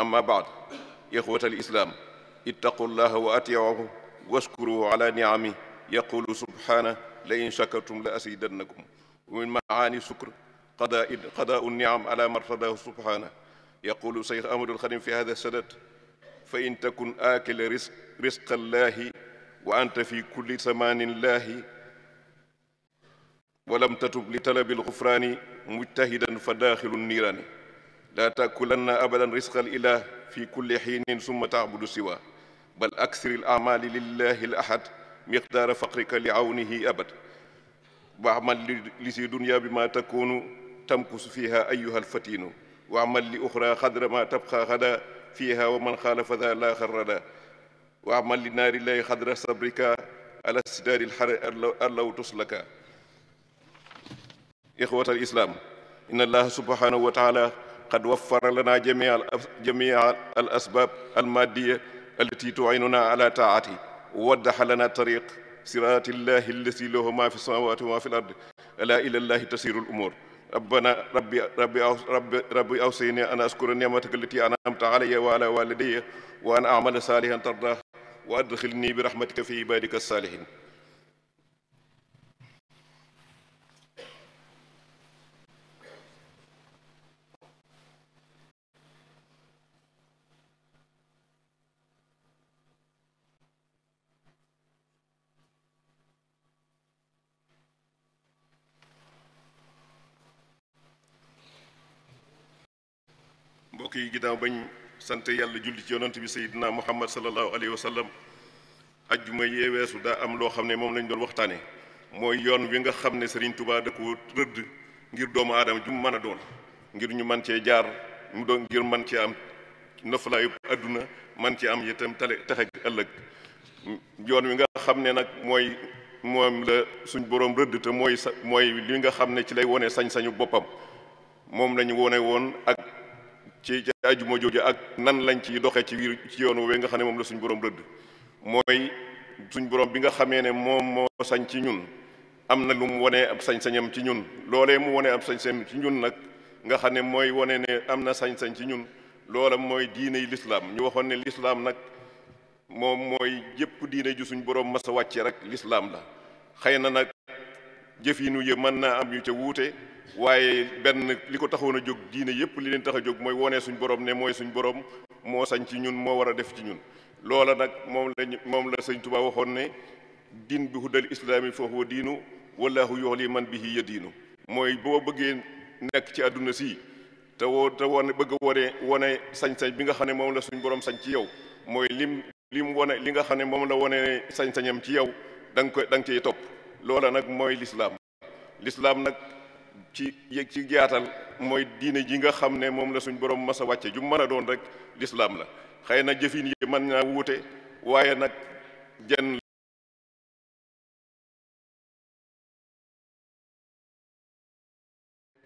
amma baad ixwata alislaam ittaqu llaha wa atiicuuhu waskuruhu ala nicami yaqulu subhaana la in shakartum la azidannakum wa min macaani sukr qada qadaau nnicam ala martadaahu subhaana yaqulu sayyid ahmadul xadim fi hada sadat fa in takun aakila ris risqa llaahi wa anta fi kulli samaanin laahi walam tatub li talabi lgufraani mujtahidan fa daaxilu niiraani laa taakulanna abadan risqa al ilah fi kulli xiinin summa taabudu siwa bal aksiril amali lillahi l ahad miqdaara faqrika li awnihi abad wa amal li si dunya bi ma takunu tamkusu fiha ayuha alfatinu wa amal li uxra xadra ma tabqa xada fiha wa man xaalafa da la xarrada wa amal li naari lay xadra sabrika ala sidaari lxar allaw tuslaka ixwata al islam inna allaha subhanahu wa taala قد وفر لنا جميع جميع الأسباب المادية التي تعيننا على طاعته ووضح لنا طريق صراط الله الذي له ما في السماوات وما في الأرض ألا إلى الله تسير الأمور ربنا ربي ربي ربي ربي أوصيني أن أشكر نعمتك التي أنعمت علي وعلى والدي وأن أعمل صالحا ترضاه وأدخلني برحمتك في عبادك الصالحين mbokk yi ginnaaw bañ sant yàlla julli ci yonant bi sayidina muhammad salallahu alayhi wa sallam ajjuma yee weesu daa am loo xam ne moom lañ doon waxtaane mooy yoon wi nga xam ne sëriñ tubaa da ko rëdd ngir doomu aadama ju mu mën a doon ngir ñu man cee jaar mu doon ngir man cee am noflaayu adduna man cee am itam tale taxe ëllëg yoon wi nga xam ne nag mooy moom la suñ boroom rëdd te mooy sa mooy li nga xam ne ci lay wone sañ-sañu boppam moom la wone woon ak ci ci ajuma jooju ak nan lañ ci doxee ci biir ci yoon woowee nga xam ne moom la suñ borom rëdd mooy suñ borom bi nga xamee ne moom moo sañ ci ñun am na lu mu wanee ab sañ-sañam ci ñun loolee mu wanee ab sañ ci ñun nag nga xam ne mooy wane ne am na sañ-sañ ci ñun loola mooy diine yi lislaam ñu waxoon ne lislaam nag moom mooy jëpp diine ju suñ borom mas wàcce rek lislaam la xëy na nag jëf yi mën naa am ñu ca wuute waaye benn li ko taxoon a jóg diine yépp li leen tax a jóg mooy wonee suñ borom ne mooy suñ borom moo sañ ci ñun moo war a def ci ñun loola nag moom lañ moom la sëñ Tuubaa waxoon ne diin bi hudal islaami fa huwa diinu wallaahu yoxli man bihi ya diinu mooy boo bëggee nekk ci àdduna si te woo te wone bëgg a wone wone sañ xam ne moom la suñ borom sañ ci yow mooy lim lim wone li nga xam ne moom la wone sañ-sañam ci yow da koy da nga cey topp loola nag mooy lislaam lislaam nag ci yëg ci gaatal mooy diine ji nga xam ne moom la suñ borom mas a wàcce ju mën a doon rek lislaam la xëy na jëfin yi mën naa wuute waaye nag jenn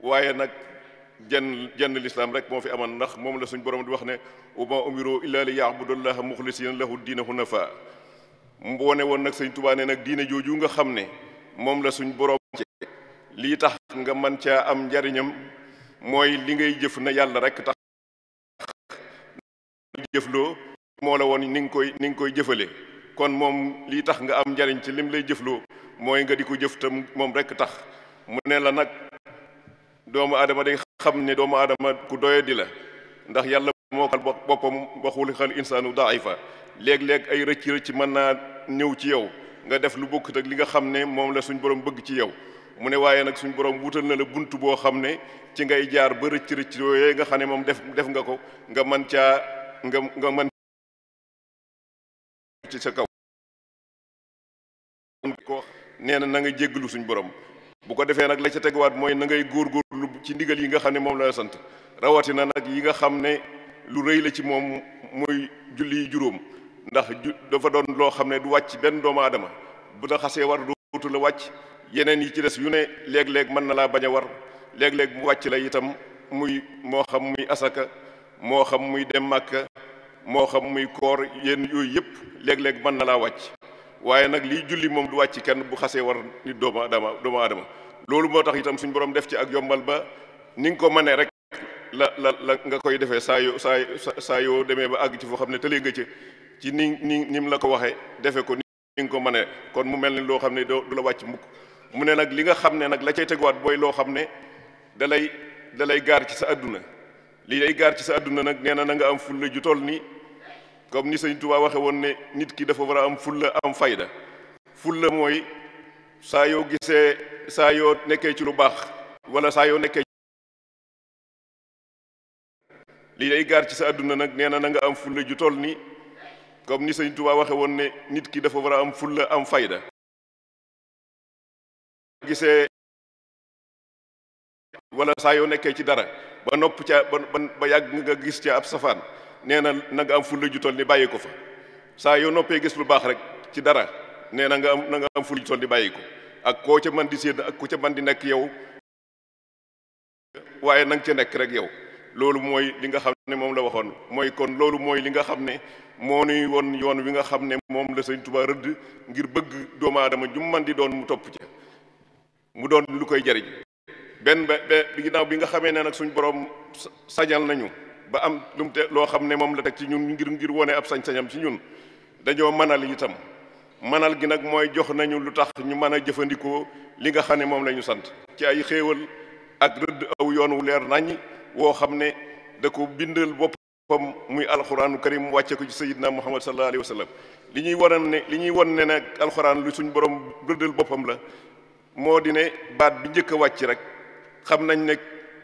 waaye nag jenn jenn lislaam rek moo fi amoon ndax moom la suñ borom di wax ne wa ma umiru illa li yaabudullaha muxlisina lahu diina hunafa mboone woon nag sëñ Tuubaa nag diine jooju nga xam ne moom la suñ borom lii tax nga man caa am njariñam mooy li ngay jëf na yàlla rek tax jëfloo moo la woon ni nga koy ni nga koy jëfale kon moom lii tax nga am njariñ ci lim lay jëfloo mooy nga di ko jëf tam moom rek tax mu ne la nag doomu aadama day xam ne doomu aadama ku doye di la ndax yàlla moo xal boppam waxul xal insaanu fa léeg-léeg ay rëcc rëcc mën naa ñëw ci yow nga def lu bokkut ak li nga xam ne moom la suñ borom bëgg ci yow mu ne waaye nag suñu borom wutal na la bunt boo xam ne ci ngay jaar ba rëcc rëcc yooyu nga xam ne moom def def nga ko nga man caa nga nga man ci sa kaw ko nee na na nga jégglu suñu borom bu ko defee nag la ca teguwaat mooy na ngay góorgóorlu ci ndigal yi nga xam ne moom la sant rawatina nag yi nga xam ne lu rëy la ci moom muy julli juróom ndax ju dafa doon loo xam ne du wàcc benn doomu aadama bu la xasee war dootu la wàcc yeneen yi ci des yu ne léeg-léeg mën na laa bañ a war léeg-léeg mu wàcc la itam muy moo xam muy asaka moo xam muy dem màkka moo xam muy koor yenn yooyu yëpp léeg-léeg mën na laa wàcc waaye nag lii julli moom du wàcc kenn bu xasee war nit doomu adama doomu adama loolu moo tax itam suñu borom def ci ak yombal ba ni ko mënee rek la la la nga koy defee saa yoo saa saa yoo demee ba àgg ci foo xam ne tëlee nga ci ci ni ni la ko waxee defee ko ni nga ko mënee kon mu mel ni loo xam ne doo la wàcc mukk mu ne nag li nga xam ne nag la cay teguwaat booy loo xam ne dalay dalay da gaar ci sa àdduna li lay gaar ci sa àdduna nag nee na na nga am fulla ju toll ni comme ni sëñ Tuubaa waxe woon ne nit ki dafa war a am fulla am fayda fulla mooy saa yoo gisee saa ci lu baax wala saa yoo nekkee li lay ci sa àdduna nag nee na na nga am fulla ju toll comme ni sëñ Tuubaa waxe woon ne nit ki dafa war a am fulla am fayda gisee wala saa yoo nekkee ci dara ba nopp ca ba ba yàgg nga gis ca ab safaan nee na na am fulla ju toll ni bàyyi ko fa saa yoo noppee gis lu baax rek ci dara nee na nga am na nga am fulla ju toll ni bàyyi ko ak koo ca man di séen ak ku ca man di nekk yow waaye na nga ca nekk rek yow loolu mooy li nga xam ne moom la waxoon mooy kon loolu mooy li nga xam ne moo nuy woon yoon wi nga xam ne moom la Sëñ Tuubaa rëdd ngir bëgg doomu aadama ju man di doon mu topp ca mu doon lu koy jariñ benn ba ba bi nga xamee ne nag suñ borom sañal nañu ba am lu mu te loo xam ne moom la teg ci ñun ngir ngir wone ab sañ-sañam ci ñun dañoo manal itam manal gi nag mooy jox nañu lu tax ñu mën a jëfandikoo li nga xam ne moom la ñu sant ci ay xéewal ak rëdd aw yoon wu leer naññ woo xam ne da ko bindal boppam muy alxuraanu karim wàcce ko ci sayidna muhammad sallallahu alayhi wa sallam li ñuy wan ne li ñuy wan ne nag alxuraan lu suñ borom rëddal boppam la moo di ne baat bi njëkk a wàcc rek xam nañ ne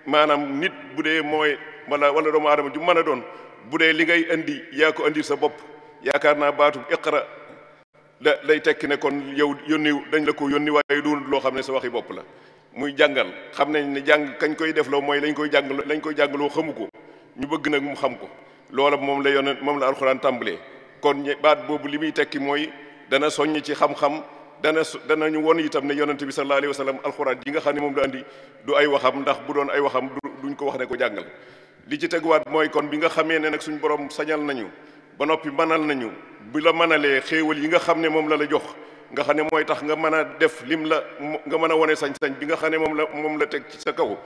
maanaam nit bu dee mooy wala wala doomu aadama ju mën a doon bu dee li ngay indi yaa ko indi sa bopp yaakaar naa baatu iqra la lay tekki ne kon yow yónni dañ la ko yónni waaye doonut loo xam ne sa waxi bopp la muy jàngal xam nañ ne jàng kañ koy defloo mooy lañ koy jàng lañ koy jàngaloo xamu ko ñu bëgg nag mu xam ko loola moom la yonent moom la alxuraan tàmbalee kon baat boobu li muy tekki mooy dana soññ ci xam-xam dana su danañu won itam ne yonent bi sallallahu alayhi wa sallam alxuraan yi nga xam ne moom la andi du ay waxam ndax bu doon ay waxam du duñ ko wax ne ko jàngal li ci teguwaat mooy kon bi nga xamee ne nag suñu borom sañal nañu ba noppi manal nañu bu la manalee xéewal yi nga xam ne moom la la jox nga xam ne mooy tax nga mën a def lim la nga mën a wone sañ-sañ bi nga xam ne moom la moom la teg ci sa kaw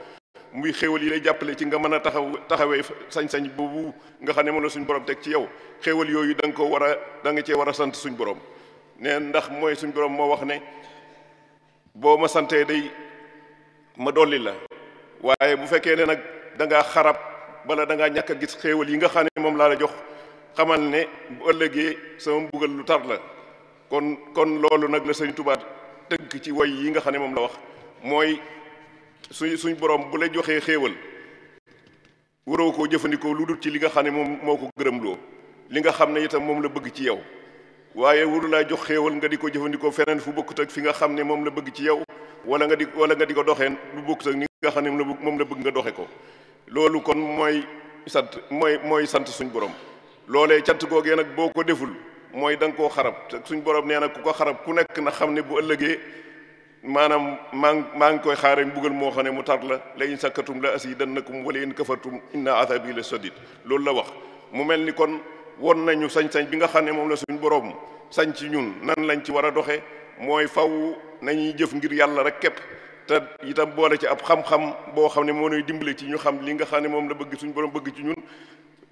muy xéewal yi lay jàppale ci nga mën a taxaw taxawee sañ-sañ boobu nga xam ne moom la suñu borom teg ci yow xéewal yooyu da nga ko war a da nga cee war a sant suñu borom neen ndax mooy suñ borom moo wax ne boo ma santee day ma dolli la waaye bu fekkee ne nag danga xarab bala da ñàkk gis xéewal yi nga xam ne moom laa la jox xamal ne bu ëllëgee sama lu tar la kon kon loolu nag la sëñ Tuubaa tënk ci woy yi nga xam ne moom la wax mooy suñ suñ borom bu la joxee xéewal waroo koo jëfandikoo lu dul ci li nga xam ne moom moo ko gërëmloo li nga xam ne itam moom la bëgg ci yow waaye waru laa jox xéewal nga di ko jëfandikoo feneen fu bokkut ak fi nga xam ne moom la bëgg ci yow wala nga di wala nga di ko doxee lu bokkut ak ni nga xam ne moom la bëgg nga doxe ko loolu kon mooy sant mooy mooy sant suñ borom loolee cant googee nag boo ko deful mooy da nga koo xarab suñ borom nee na ku ko xarab ku nekk na xam ne bu ëllëgee maanaam maa ngi maa ngi koy xaare buggal moo xam ne mu tar la la in sakkatum la asidannakum wala in kafartum inna azabi la sadid loolu la wax won nañu sañ-sañ bi nga xam ne moom la suñ borom sañ ci ñun nan lañ ci war a doxe mooy faw nañuy jëf ngir yàlla rek képp te itam boole ci ab xam-xam boo xam ne moo nuy dimbale ci ñu xam li nga xam ne moom la bëgg suñ borom bëgg ci ñun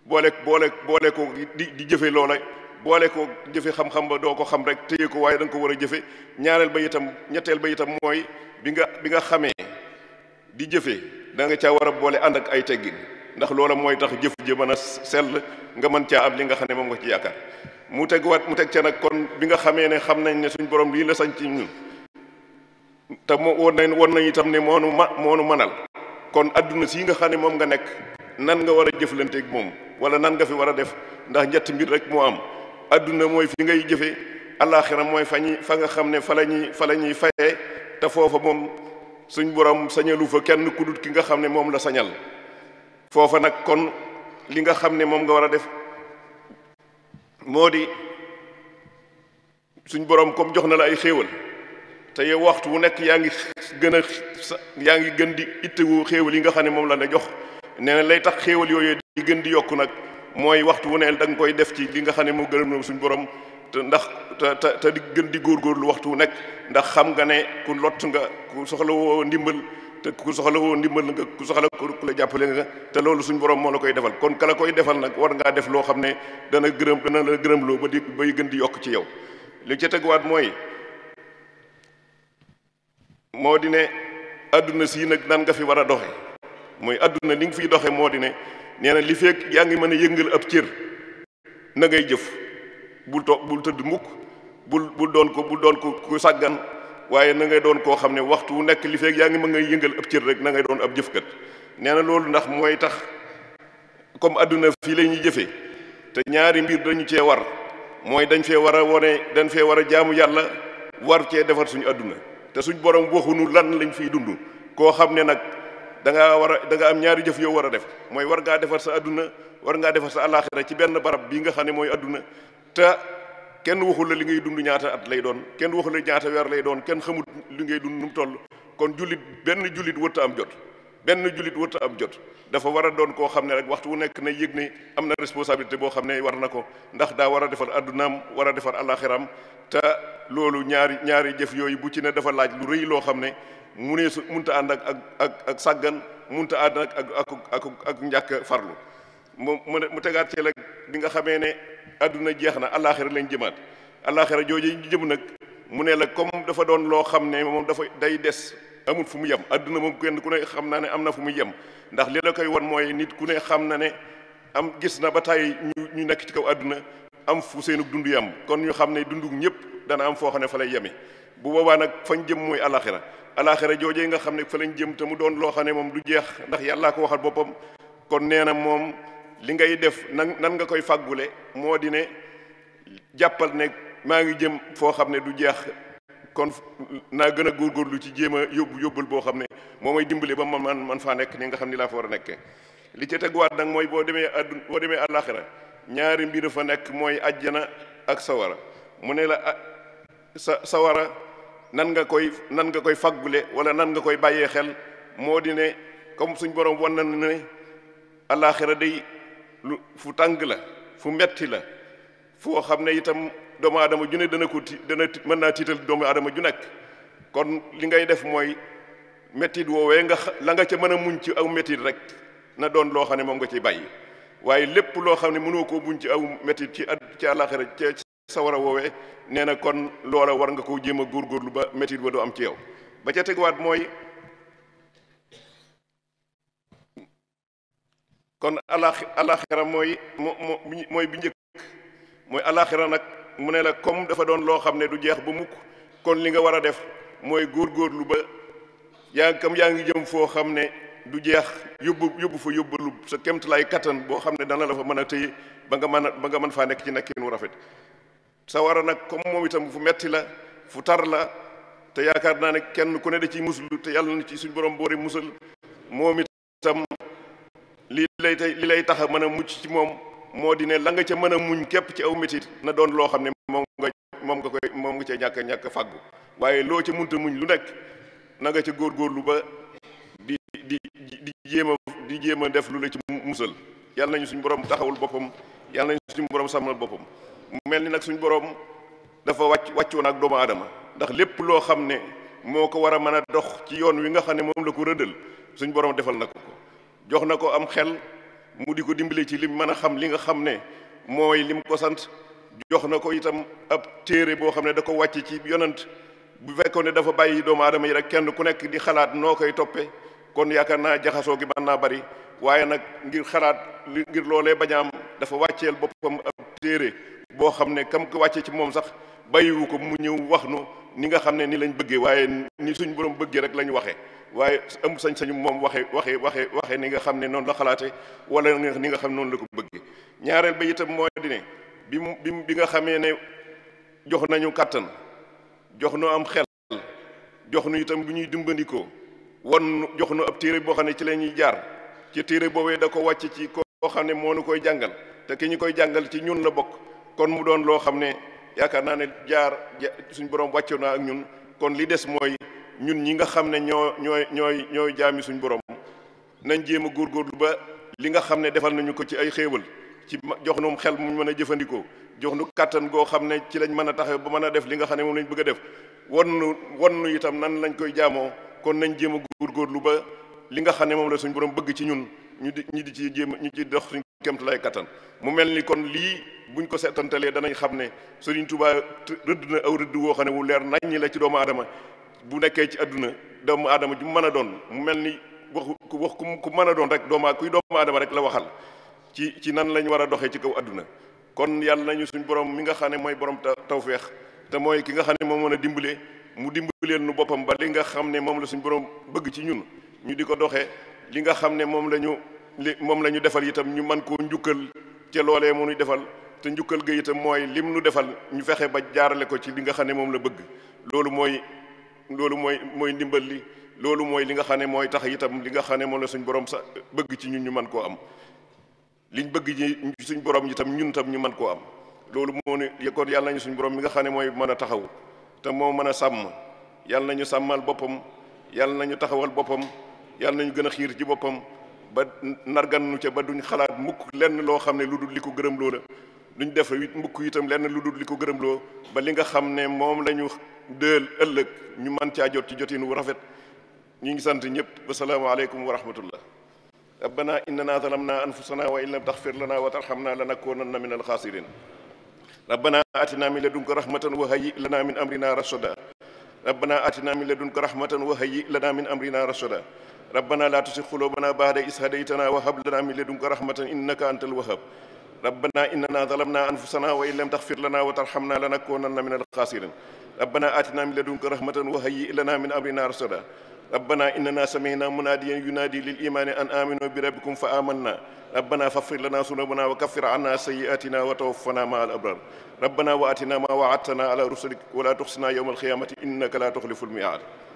boole boole boole ko di di jëfe loola boole ko jëfe xam-xam ba doo ko xam rek téye ko waaye danga ko war a jëfe ñaareel ba itam ñetteel ba itam mooy bi nga bi nga xamee di jëfe da nga caa war a boole ànd ak ay teggin ndax loola mooy tax jëf ji mën a sell nga mën caa am li nga xam ne moom nga ci yaakaar mu teguwaat mu teg ca nag kon bi nga xamee ne xam nañ ne suñ borom lii la sañ ci ñu te moo woon nañ woon nañ itam ne moonu ma moonu manal kon adduna sii nga xam ne moom nga nekk nan nga war a jëflanteeg moom wala nan nga fi war a def ndax ñett mbir rek moo am adduna mooy fi ngay jëfee alaxira mooy fa fa nga xam ne fa la ñuy fa la ñuy fayee te foofa moom suñ borom sañalu fa kenn ku dut ki nga xam ne moom la sañal foofa nag kon li nga xam ne moom nga war a def moo di suñ borom comme jox na la ay xéewal te yow waxtu wu nekk yaa ngi gën a yaa ngi gën di ittewu xéewal yi nga xam ne moom la ne jox nee na lay tax xéewal yooyu di gën di yokk nag mooy waxtu wu ne da nga koy def ci li nga xam ne moo gën a suñ borom te ndax te te te di gën di góorgóorlu waxtu wu nekk ndax xam nga ne ku lott nga ku soxla woo ndimbal te ku soxla woo ndimbal nga ku soxla ku la jàppale nga te loolu suñ borom moo la koy defal kon kala koy defal nag war ngaa def loo xam ne dana gërëm dana la gërëm loo ba di bay gën di yokk ci yow li ca teguwaat mooy moo di ne adduna sii nag nan nga fi war a doxe mooy adduna li nga fi doxe moo di ne nee na li fekk yaa ngi mën a yëngal ab cër na ngay jëf bul toog bul tëdd mukk bul bul doon ko bul doon ko ku sàggan waaye na ngay doon koo xam ne waxtu wu nekk li feeg yaa ngi ma ngay yëngal ab cër rek na ngay doon ab jëfkat nee na loolu ndax mooy tax comme adduna fii la ñuy jëfee te ñaari mbir dañu cee war mooy dañ fee war a wone dañ fee war a jaamu yàlla war cee defar suñu adduna te suñ borom waxunu lan lañu fiy dund koo xam ne nag da ngaa war a da am ñaari jëf yow war a def mooy war ngaa defar sa adduna war ngaa defar sa alaxira ci benn barab bii nga xam ne mooy adduna te kenn waxul la li ngay dund ñaata at lay doon kenn waxul la ñaata weer lay doon kenn xamut li ngay dund nu mu toll kon jullit benn jullit wërta am jot benn jullit wërta am jot dafa war a doon koo xam ne rek waxtu wu nekk na yëg ne am na responsabilité boo xam ne war na ko ndax daa war a defar addunaam war a defar àllaaxiram te loolu ñaari ñaari jëf yooyu bu ci ne dafa laaj lu rëy loo xam ne mu ne su munta ànd ak ak ak ak sàggan munta ànd ak ak ak ak njàkk farlu mu mu mu tegaat ci nag bi nga xamee ne adduna jeex na àllaaxira lañ jëmaat àllaaxira jooju ñu jëm nag mu ne la comme dafa doon loo xam ne moom dafa day des amul fu mu yem àdduna moom kenn ku ne xam naa ne am na fu mu yem ndax li la koy won mooy nit ku ne xam na ne am gis na ba tàyyi ñu nekk ci kaw àdduna am fu seenug yem kon ñu xam ne dundug ñëpp dana am foo xam ne fa lay yeme bu boobaa nag fañ jëm mooy àllaaxira àllaaxira joojee nga xam ne fa lañ jëm te mu doon loo xam ne moom du jeex ndax yàllaa ko waxal boppam kon nee moom li ngay def nan nan nga koy fàggule moo di ne jàppal ne maa ngi jëm foo xam ne du jeex kon naa gën a góorgóorlu ci jéem a yóbbu yóbbul boo xam ne moo may dimbale ba man man man faa nekk ni nga xam ni laa fa war a nekkee li ca teguwaat nag mooy boo demee addun boo demee àllaaxira ñaari mbir fa nekk mooy ajjana ak sawara mu ne la ah, sa sawara nan nga koy nan nga koy faggule wala nan nga koy bàyyee xel moo di ne comme suñ borom wan na ne àllaaxira day lu fu tàng la fu metti la foo xam ne itam doomu adama ju ne dana ko ti dana mën naa tiital doomu aadama ju nekk kon li ngay def mooy mettit woowee nga la nga ca mën a muñ ci aw mettit rek na doon loo xam ne moom nga ciy bàyyi waaye lépp loo xam ne mënoo koo muñ ci aw mettit ci at ci àllaaxira ci sawara woowee nee na kon loola war nga koo jéem a góorgóorlu ba mettit wa doo am ci yow ba ca teguwaat mooy kon alaxi alaxira mooy mooy bi njëkk mooy alaxira nag mu ne la comme dafa doon loo xam ne du jeex ba mukk kon li nga war a def mooy góorgóorlu ba yaa ngi kam yaa ngi jëm foo xam ne du jeex yóbbu yóbbu fa yóbbalu sa kéemtalaay kattan boo xam ne dana la fa mën a téye ba nga mën a ba nga mën faa nekk ci nekkin wu rafet sa war a nag comme moom itam fu metti la fu tar la te yaakaar naa ne kenn ku ne da ciy muslu te yàlla na ci suñ borom boori musal moom itam lii lay tey li lay tax a mën a mucc ci moom moo di ne la nga ca mën a muñ képp ci aw métit na doon loo xam ne moom nga moom nga koy moom nga cee ñàkk ñàkk fàggu waaye loo ca munta muñ lu nekk na nga ca góorgóorlu ba di di di jéem a di jéem a def ci musal yàlla nañu suñu borom taxawul boppam yàlla nañu suñu borom sàmmal boppam mel ni nag suñu borom dafa wàcc wàccoon ak doomu aadama ndax lépp loo xam ne moo ko war a mën a dox ci yoon wi nga xam ne moom la ko rëddal suñu borom defal na ko. jox na ko am xel mu di ko dimbale ci lim mën a xam li nga xam ne mooy lim ko sant jox na ko itam ab téere boo xam ne da ko wàcc ci yonant bu fekkoon ne dafa bàyyi doomu aadama yi rek kenn ku nekk di xalaat noo koy toppe kon yaakaar naa jaxasoo gi mën bari waaye nag ngir xalaat ngir loolee bañaam dafa wàcceel boppam ab téere boo xam ne kam ko wàcce ci moom sax bàyyiwu ko mu ñëw wax nu ni nga xam ne ni lañ bëggee waaye ni suñ borom bëggee rek lañ waxee waaye am sañ-sañu moom waxee waxee waxee waxee ni nga xam ne noonu la xalaate wala ni nga xam ne noonu la ko bëggee ñaareel ba itam mooy di bi mu bi nga xamee ne jox nañu kàttan jox nu am xel jox nu itam bu ñuy dimbandikoo wan jox nu ab téere boo xam ne ci la ñuy jaar ci téere boobee da ko wàcc ci koo xam ne moo nu koy jàngal te ke ñu koy jàngal ci ñun la bokk kon mu doon loo xam ne yaakaar naa ne jaar suñ borom wàcce naa ak ñun kon li des mooy ñun ñi nga xam ne ñoo ñooy ñooy ñooy jaami suñu borom nañ jéem a góorgóorlu ba li nga xam ne defal nañu ko ci ay xéewal ci jox nu xel mu mën a jëfandikoo jox nu kàttan goo xam ne ci lañ mën a taxaw ba mën a def li nga xam ne moom lañ bëgg a def wan nu wan nu itam nan lañ koy jaamoo kon nañ jéem góor góorgóorlu ba li nga xam ne moom la suñu borom bëgg ci ñun ñu di ñu di ci jéem ñu ci dox suñ kéemtalaay kattan mu mel ni kon lii buñ ko setantalee danañ xam ne Sëriñ Tuubaa rëdd na aw rëdd woo xam ne wu leer nañ ñi la ci doomu adama bu nekkee ci àdduna doomu aadama ju mën a doon mu mel ni ku wax ku ku mën a doon rek doomu kuy doomu aadama rek la waxal ci ci nan la ñu war a doxee ci kaw àdduna kon yàlla ñu suñ borom mi nga xam ne mooy borom tawféex te mooy ki nga xam ne moom mën a dimbale mu dimbaleen nu boppam ba li nga xam ne moom la suñ borom bëgg ci ñun ñu di ko doxee li nga xam ne moom la ñu li moom la ñu defal itam ñu mën koo njukkal ca loolee mu nuy defal te njukkal ga itam mooy lim nu defal ñu fexe ba jaarale ko ci li nga xam ne moom la bëgg loolu mooy loolu mooy mooy ndimbal li loolu mooy li nga xam ne mooy tax itam li nga xam ne moom la borom sa bëgg ci ñun ñu mën koo am liñ bëgg ci suñ borom itam ñun tam ñu mën koo am loolu moo ne kon yàlla nañu borom mi nga xam ne mooy mën a taxaw te moo mën a sàmm yàlla nañu sàmmal boppam yàlla nañu taxawal boppam yàlla nañu gën a xiir ci boppam ba nargannu ca ba duñ xalaat mukk lenn loo xam ne lu dul li ko gërëm loo la duñ def mukk itam lenn lu dul li ko gërëm loo ba li nga xam ne moom lañu dël ëllëg ñu man caa jot ci wu rafet ñu ngi sant ñëpp wasalaamaaleykum wa rahmatullah rabbana innana zalamna anfusana wa in lam taxfir lana wa tarxamna lanakunanna min alxaasirin rabbana atina min ladunka rahmatan wa hayyi lana min amrina rashada rabbana atina min ladunka rahmatan wa hayyi lana min amrina rashada rabbana la tusi xulubana baada is hadaytana wa hab lana min ladunka rahmatan innaka antal wahab rabbana innana zalamna anfusana wa in lam taxfir lana wa tarxamna lanakunanna min alxaasirin ربنا آتنا من لدنك رحمة وهيئ لنا من أمرنا رشدا ربنا إننا سمعنا مناديا ينادي للإيمان أن آمنوا بربكم فآمنا ربنا فاغفر لنا ذنوبنا وكفر عنا سيئاتنا وتوفنا مع الأبرار ربنا وآتنا ما وعدتنا على رسلك ولا تخزنا يوم القيامة إنك لا تخلف الميعاد